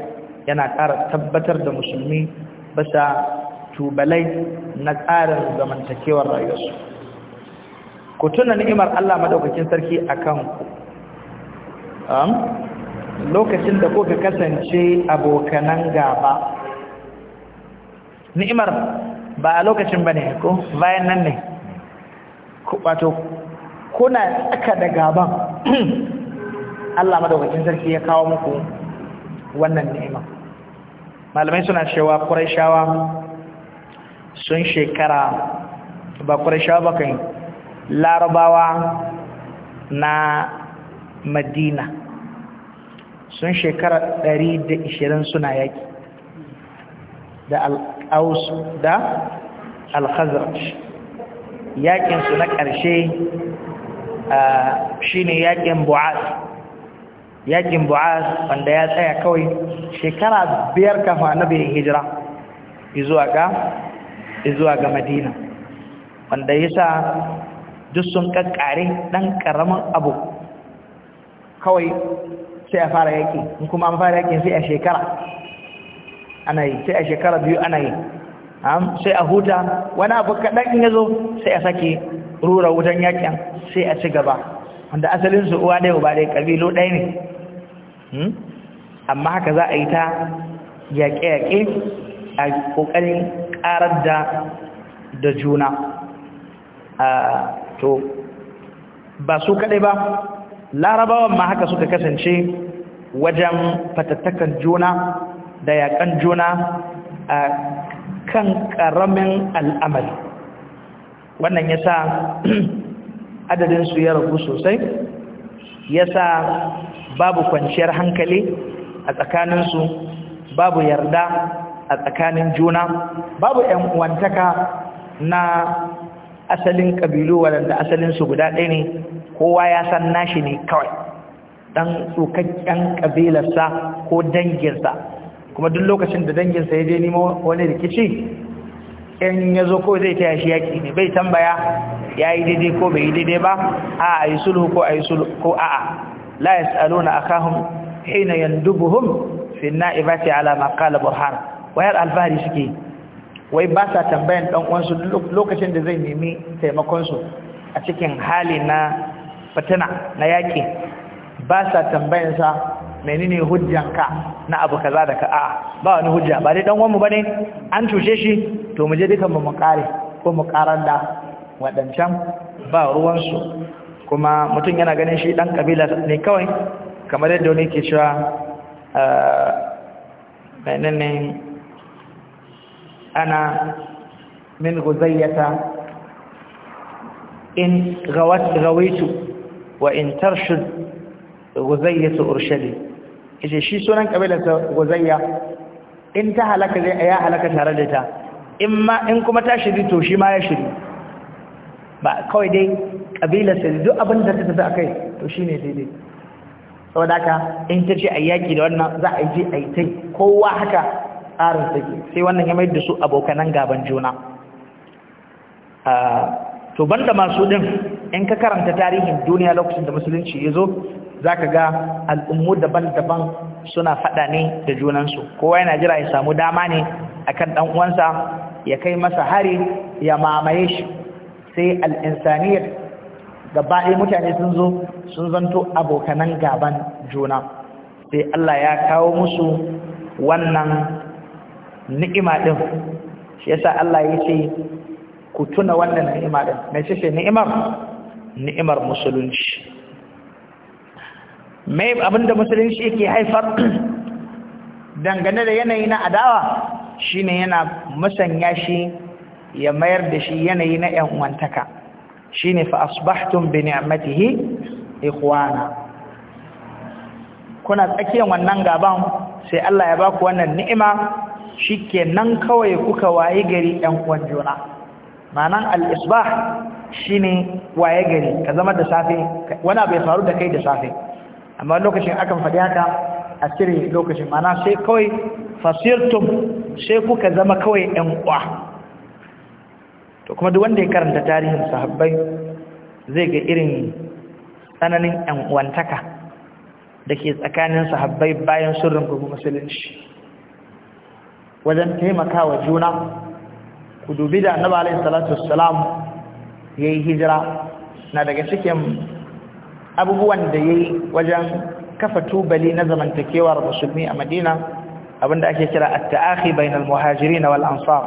yana ƙara tabbatar da musulmi basa tubalai na tsarin zamantakewar rayuwarsu ku tuna ni'imar Allah madaukakin sarki akan ku lokacin da kuka kasance abokanan gaba ni'imar ba a lokacin bane ko bayan nan ne wato kuna tsaka da gaban *clears throat* Allah madaukakin sarki ya kawo muku wannan ni'ima malamai suna cewa Qurayshawa sun shekara ba Qurayshawa ba kan Larabawa na Madina sun shekara 120 suna yaki da al da al-Khazraj yaƙinsu na ƙarshe shi ne yaƙin bu'as yaƙin bu'as wanda ya tsaya kawai shekara biyar kafa na bai hijira izuwa ga madina wanda ya sa duk sun ƙaƙƙare ɗan ƙaramin abu kawai sai a fara yaƙi in kuma an fara yaƙin sai a shekara ana yi sai a shekara biyu ana yi sai a huta wani abu kaɗan ya zo sai a sake rura wutan yakin sai a ci gaba wanda asalin su uwa ɗaya ba ɗaya ƙabilo ɗaya ne hmm? amma haka za a yi ta yaƙe-yaƙe a ƙoƙarin ƙarar da da juna to ba su kaɗai ba larabawan ma haka suka kasance wajen fatattakan juna da yaƙan juna kan ƙaramin al'amari wannan ya sa *clears throat* adadinsu ya ragu sosai ya sa babu kwanciyar hankali a tsakaninsu babu yarda a tsakanin juna babu 'yan uwantaka na asalin ƙabilu waɗanda asalinsu guda ɗaya ne kowa ya san nashi ne kawai ɗan tsokakken ƙabilarsa ko danginsa kuma duk lokacin da danginsa ya je nemo wani rikici in ya zo ko zai taya shi yaƙi ne bai tambaya ya yi daidai ko bai yi daidai ba a a yi sulhu ko a yi sulhu ko a a la ya tsalo na hina yandubuhum fi na'ibati ala maqala burhan wayar alfahari suke wai ba sa tambayan dan uwansu lokacin da zai nemi taimakon su a cikin hali na fitina na yaki. ba sa sa. menene hujjanka na abu kaza da ka a'a ba wani hujja ba dai dan wamu ba ne? an tushe shi to mu je dukan mu mu kare ko mu karar da wadancan ba ruwan kuma mutum yana ganin shi dan kabila ne kawai kamar yadda wani ke cewa eh, menene ana min guzayyata in gawat gawaitu wa in tarshud guzayyatu urshadi ishe shi sunan kabilarsa gozayya in ta halaka zai ya halaka tare da ta in ma in kuma ta shiri to shi ma ya shiri ba kawai dai ƙabilarsa duk abin da ta tafi a kai to shine daidai saboda haka in ta ce a yaki da wannan za a je a yi ta kowa haka tsarin take sai wannan ya mai da su abokanan gaban juna ah, to banda masu din in ka karanta tarihin duniya lokacin da musulunci ya zo za ka ga al'ummu daban-daban suna faɗa ne da junansu kowa yana jira ya samu dama ne akan ɗan uwansa ya kai masa hari ya mamaye shi sai al'insaniyar gaba ɗaya mutane sun zo sun zanto abokanan gaban juna sai Allah ya kawo musu wannan ni'ima ɗin shi yasa Allah ya ce ku tuna wannan ni'ima ɗin mai shi ni'imar ni'imar musulunci mai abinda musulunci yake haifar *clears throat* dangane da yanayi na adawa shine yana musanya shi ya mayar da shi yanayi na ‘yan uwantaka, shine fa asbahtun bi ni'matihi ikhwana kuna tsakiyar wannan gaban sai Allah ya baku wannan ni'ima shikenan kawai kuka wayi gari ‘yan uwan juna ma'anan al-isbah shine waye gari ka zama da safe wani abu ya faru da kai da safe amma lokacin akan faɗi haka a cire lokacin mana sai kawai fasirtum sai kuka zama kawai ɗan ƙwa to kuma duk wanda ya karanta tarihin sahabbai zai ga irin tsananin ɗan uwantaka da ke tsakanin sahabbai bayan sirrin gugu musulunci wajen taimakawa juna ku dubi da annabi alaihi salatu wassalam ya yi hijira na daga cikin abubuwan da ya yi wajen kafa tubali na zamantakewar musulmi a madina abinda ake kira atta'ahi bainal muhajirin wal ansar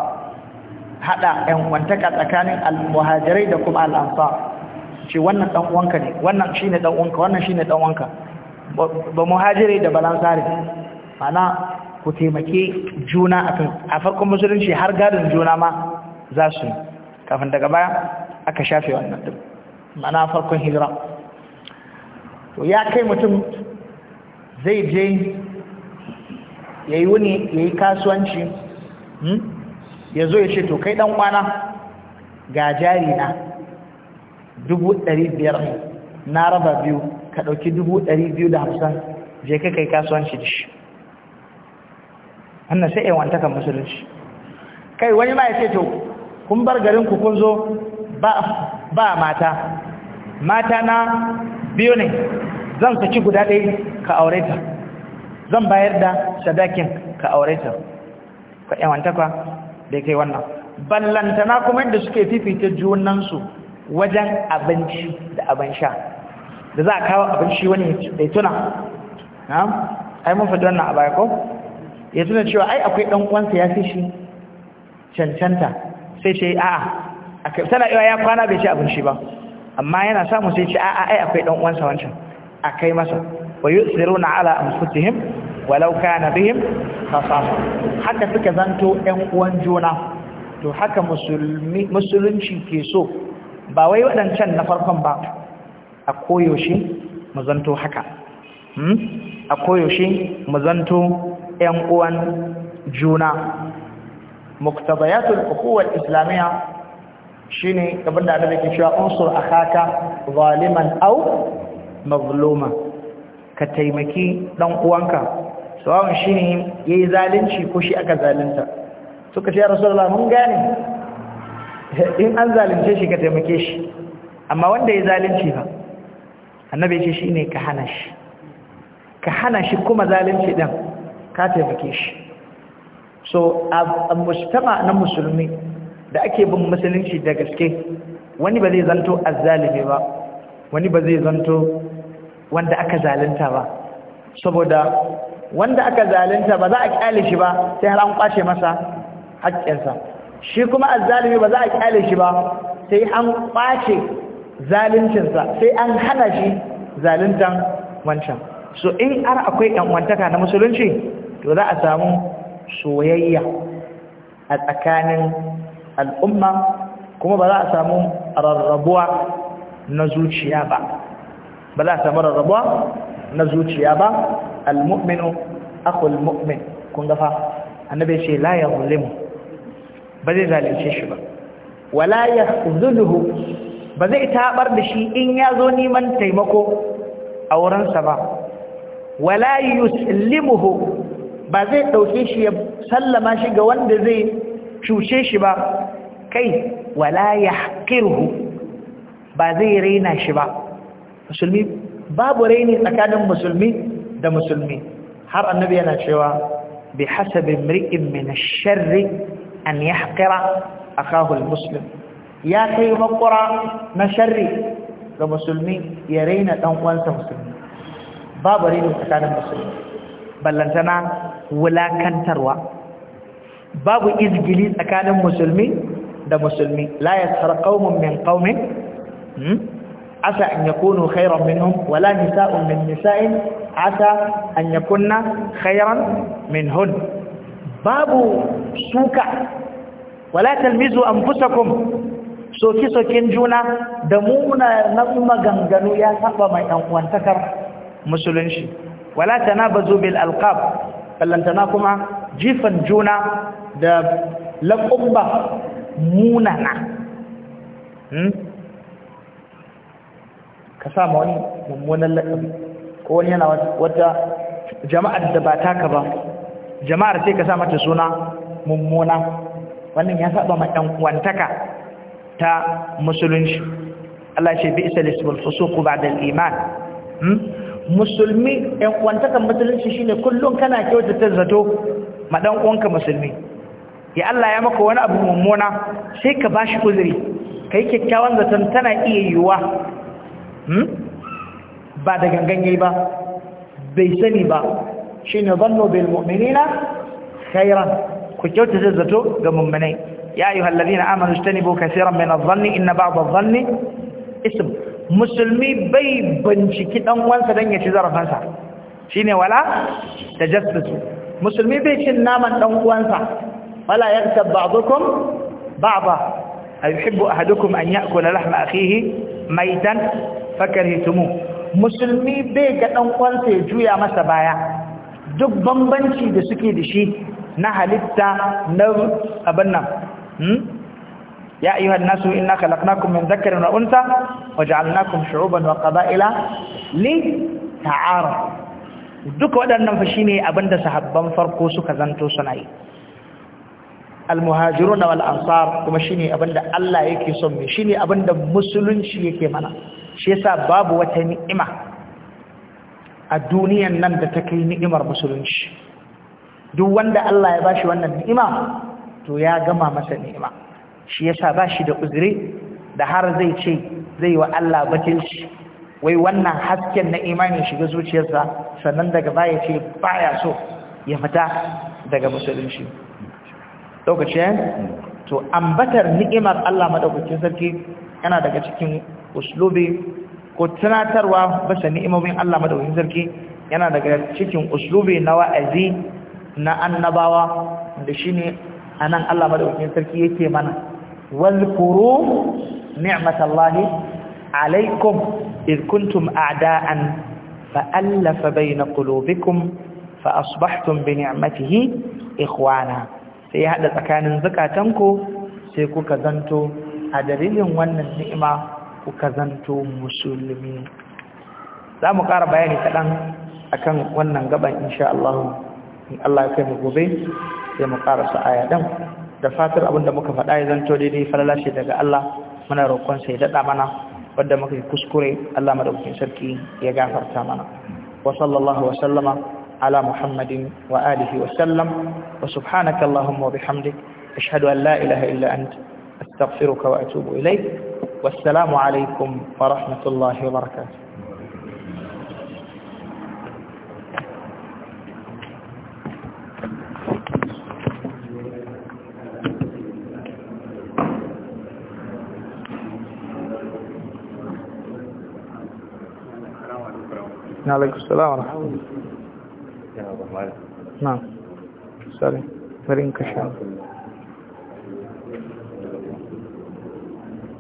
hada yan wantaka tsakanin al muhajirai da kuma al ansar ce wannan dan uwanka ne wannan shine dan uwanka wannan shine dan uwanka ba muhajirai da balansari mana ku taimake juna a farkon musulunci har gadin juna ma za su kafin daga baya aka shafe wannan din mana farkon hijira to ya kai mutum zai je yayi wani yayi kasuwanci hmm? ya zo ya ce to kai dan kwana ga jari na dubu ɗari biyar na raba biyu ka ɗauki dubu ɗari biyu da hamsin je ka kai kasuwanci da shi wannan sai yawan takan musulunci kai wani ma ya ce to kun bar garin ku kun zo ba mata mata na biyu ne zan saki guda ɗaya ka aure ta zan bayar da sadakin ka aure ta ka yawantakwa da kai wannan ballantana kuma yadda suke fifita junansu wajen abinci da abin sha da za a kawo abinci wani ya tuna ai mun faɗi wannan a baya ko ya tuna cewa ai akwai ɗan uwansa ya fi shi cancanta sai ce a'a tana iya ya kwana bai ci abinci ba amma yana samu sai ci a'a ai akwai ɗan uwansa wancan a kai masa wa na ala anfusihim walauka kana bihim khasasa haka suka zanto ɗan uwan juna to haka musulunci ke so ba wai waɗancan na farkon ba a koyaushe mu zanto haka hmm? a koyaushe mu zanto ‘yan uwan juna muktabayatul ukuwar islamiyya shine abin da annabi ke cewa unsur haka. zaliman aw mazluma ka taimaki dan uwanka sawan shine yayi zalunci ko shi aka zalunta suka ce ya rasulullah mun gane in an zalunce shi ka taimake shi amma wanda ya zalunci fa annabi ce shine ka hana shi ka hana shi kuma zalunci din ka taimake shi so a mujtama na musulmi da ake bin musulunci da gaske wani ba zai zanto azzalimi ba wani ba zai zanto wanda aka zalunta ba saboda wanda aka zalunta ba za a kyale shi ba sai har an kwace masa haƙƙinsa shi kuma azzalimi ba za a kyale shi ba sai an kwace zaluncinsa sai an hana shi zaluntan wancan so in har akwai ƴan'uwantaka na musulunci to za a samu soyayya a tsakanin al'umma kuma ba za a samu rarrabuwa na zuciya ba ba za a samu rarrabuwa na zuciya ba al-mu'minu akhul mu'min kun gafa annabi ce la yuzlimu ba zai zalunce shi ba wala yahzuluhu ba zai tabar da shi in ya zo neman taimako a wurinsa ba wala yuslimuhu ba zai ɗauke shi ya sallama shi ga wanda zai cuce shi ba kai wala yahqirhu ba zai raina shi ba musulmi babu raini tsakanin musulmi da musulmi har annabi yana cewa bi hasabin imri'in min ash-sharri an yahqira akahu al musulmi. ya kai makura na sharri ga musulmi ya raina dan uwansa musulmi babu raini tsakanin musulmi ballantana wulakantarwa babu izgili tsakanin musulmi da musulmi la yasar qaumun min ƙaunin? Hmm? asa an yakunu khayran minhum wala nisa'un min nisa'in asa an yakunna khayran minhun babu suka wala talmizu anfusakum soki-sokin juna da muna nan maganganu ya saba mai uwantakar musulunci wala tanabazu bil alqab ballantana kuma jifan juna da laƙumba munana hmm? ka sa ma wani mummunan laƙabi ko wani yana wata jama'ar da ba taka ba jama'ar sai ka sa mata suna mummuna wannan ya saba ma ɗan uwantaka ta musulunci Allah ce bi isa lisbul fusuku ba da iman hmm? musulmi ɗan kwantakan musulunci shine kullum kana kyautata zato ma ɗan kwanka musulmi ya Allah ya maka wani abu mummuna sai ka bashi uzuri kai kyakkyawan zaton tana iya yiwuwa hmm? ba da gangan ba bai sani ba shine zanno bai mu'minina khairan ku kyautata zato ga mummunai ya ayyuhal ladina amanu istanibu kaseeran min na zanni inna ba adh zanni isim musulmi bai binciki dan uwansa dan ya ci zarafansa shine wala tajassus musulmi bai cin naman dan uwansa wala yaghtab ba'dukum ba'dha ayuhibbu ahadukum an ya'kula lahma akhihi maitan fakarhitumuh musulmi bai ga ɗan kwansa ya juya masa baya duk bambanci da suke da shi na halitta na abin nan ya ayyuhan nasu inna khalaqnakum min dhakarin wa untha waja'alnakum shu'uban wa qaba'ila li ta'arafu duka waɗannan fa shine abinda sahabban farko suka zanto suna yi almuhajirun wal ansar kuma ne abinda Allah yake son mu ne abinda musulunci yake mana shi yasa babu wata ni'ima a duniyan nan da ta kai ni'imar musulunci duk wanda Allah ya bashi wannan ni'ima to ya gama masa ni'ima shi yasa bashi da uzuri da har zai ce zai wa Allah batilci wai wannan hasken na imani shiga zuciyarsa sannan daga baya ce baya so ya fita daga musulunci lokaci to ambatar ni'imar Allah madaukakin sarki yana daga cikin uslubi ko tunatarwa basa ni'imomin Allah madaukakin sarki yana daga cikin uslubi na wa'azi na annabawa da shine anan Allah madaukakin sarki yake mana wazkuru ni'matallahi alaikum إذ كنتم أعداء فألف بين قلوبكم فأصبحتم بنعمته إخوانا sai ya haɗa tsakanin zukatanku sai kuka zanto a dalilin wannan ni'ima kuka zanto musulmi za mu ƙara bayani kaɗan akan wannan gaban insha Allah in Allah ya kai mu gobe sai mu ƙarasa aya ɗan da fatar abinda muka faɗa ya zanto daidai falala daga Allah muna roƙon sai daɗa mana wadda muka yi kuskure Allah madaukakin sarki ya gafarta mana wa sallallahu wa sallama على محمد وآله وسلم وسبحانك اللهم وبحمدك أشهد أن لا إله إلا أنت أستغفرك وأتوب إليك والسلام عليكم ورحمة الله وبركاته عليكم السلام ورحمة الله na'am sare farin kashe